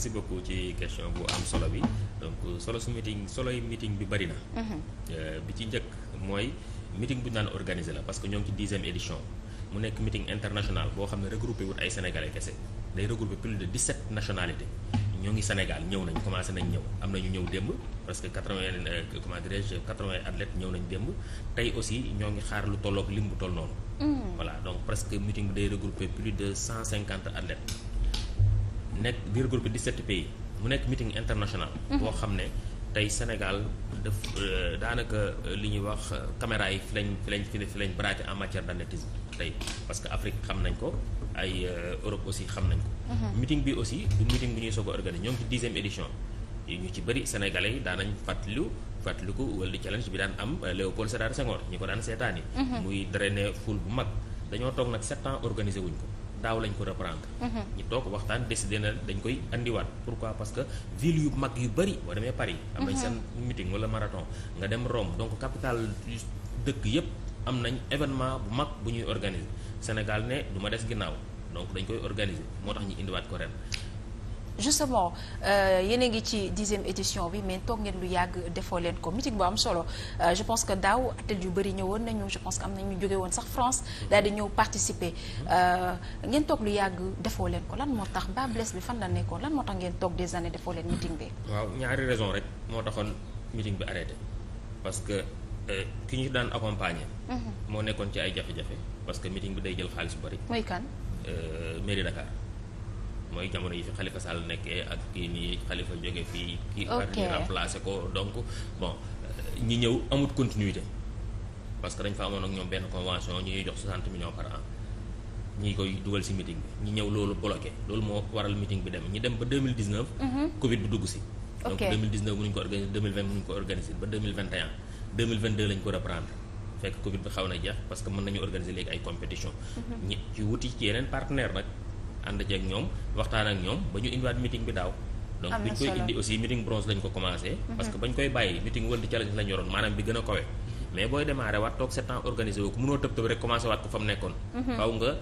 merci beaucoup ci question bu am solo bi donc solo su meeting solo meeting bi bëri na. Mhm. Euh, bi ci njëkk mooy meeting bu ñu daan la parce que ñoo ngi ci dixième édition mu nekk meeting international boo xam ne regroupé wut ay sénégalais kese day regroupé plus de dix sept nationalités. ñoo ngi Sénégal ñëw nañu commencé nañ ñëw am nañu ñëw démb parce que quatre-vingts euh, comment dirais-je quatre-vingts athlètes ñëw nañ démb tey aussi ñoo ngi xaar lu tolloog lim bu toll noonu. Mhm. voilà donc presque meeting nekk biir groupe 17 pays mu nekk meeting international. Mhm. boo xam ne tey Sénégal daf euh, daanaka euh, li ñuy wax euh, caméra yi fi lañ fi lañ fi lañ braqué en matière d'athlétisme tey parce que Afrique xam nañ ko ay Europe aussi xam nañ ko. Mhm. meeting bi aussi du meeting bu ñuy soo a organiser ñoo ngi ci dixième édition ñu ci bëri sénégalais yi daan nañ fàttaliw. fàttaliku wala challenge bi daan am Léopold Sédar Senghor ñi ko daan seetaan yi mhm. muy drainer foule bu mag dañoo toog nag sept ans organisé wuñ ko daaw lañ ko reprendre. Mhm. ñu toog waxtaan décidé na dañ koy andiwaat pourquoi parce que ville yu mag yu bëri boo demee Paris. am nañ mhm. seen meeting wala marathon nga dem Rome donc capitale dëkk yëpp am nañ événement bu mag bu ñuy organiser Sénégal ne du ma des ginnaaw donc dañ koy organiser moo tax ñu indiwaat ko ren. justement euh, yéen a ngi ci dixième édition bi mais toog ngeen lu yàgg defoo leen ko meeting bu am solo euh, je pense que daaw atel yu bëri ñëwoon nañu je pense que am na ñu jóge woon sax France daal di ñëw participer euh, ngeen toog lu yàgg defoo leen ko lan moo tax ba bless bi fan la nekkoon lan moo tax ngeen toog des années defoo leen meeting bi. waaw ñaari raison rek moo taxoon meeting bi arrêté parce que ki ñu daan accompagner. Mhm. moo nekkoon ci ay jafe parce que meeting bi day jël xaalis bu bëri. mooy kan. mairie Dakar. mooy jamono yi fi Khalifa Sall nekkee ak kii nii Khalifa jóge fii. kii par ñu place ko donc bon ñi ñëw amut continuité. parce que dañ fa amoon ak ñoom benn convention ñu ñuy jox 60 millions par an ñi koy dugal ci meeting bi ñi ñëw loolu bloqué loolu moo waral meeting bi dem ñi dem ba 2019. Mhm. Covid bi dugg si donc 2019 mënuñ ko organiser 2020 mënuñ ko organiser ba 2021 2022 lañ ko reprendre. fekk Covid bi xaw na jeex parce que mën nañu organiser léegi ay compétition mhm. ñi ci wuti yeneen partenaire nag. ànd ceeg ñoom waxtaan ak ñoom ba ñu indiwaat meeting bi daaw donc bi koy indi aussi meeting bronze lañ ko commencé mhm. parce que bañ koy bàyyi meeting wël di challenge lañ yoroon maanaam bi gën a kawe mais booy démarré waat toog organisé woo ko mënoo tëb tëb rek commencé waat ko fa nekkoon mhm. faaw nga euh,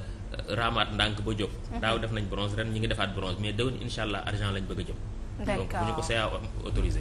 raamaat ndànk ba jóg mhm. daaw def nañ bronze ren ñi ngi defaat bronze mais déwén incha allah argent lañ bëgg a jëm donc bu ñu ko CA autorisé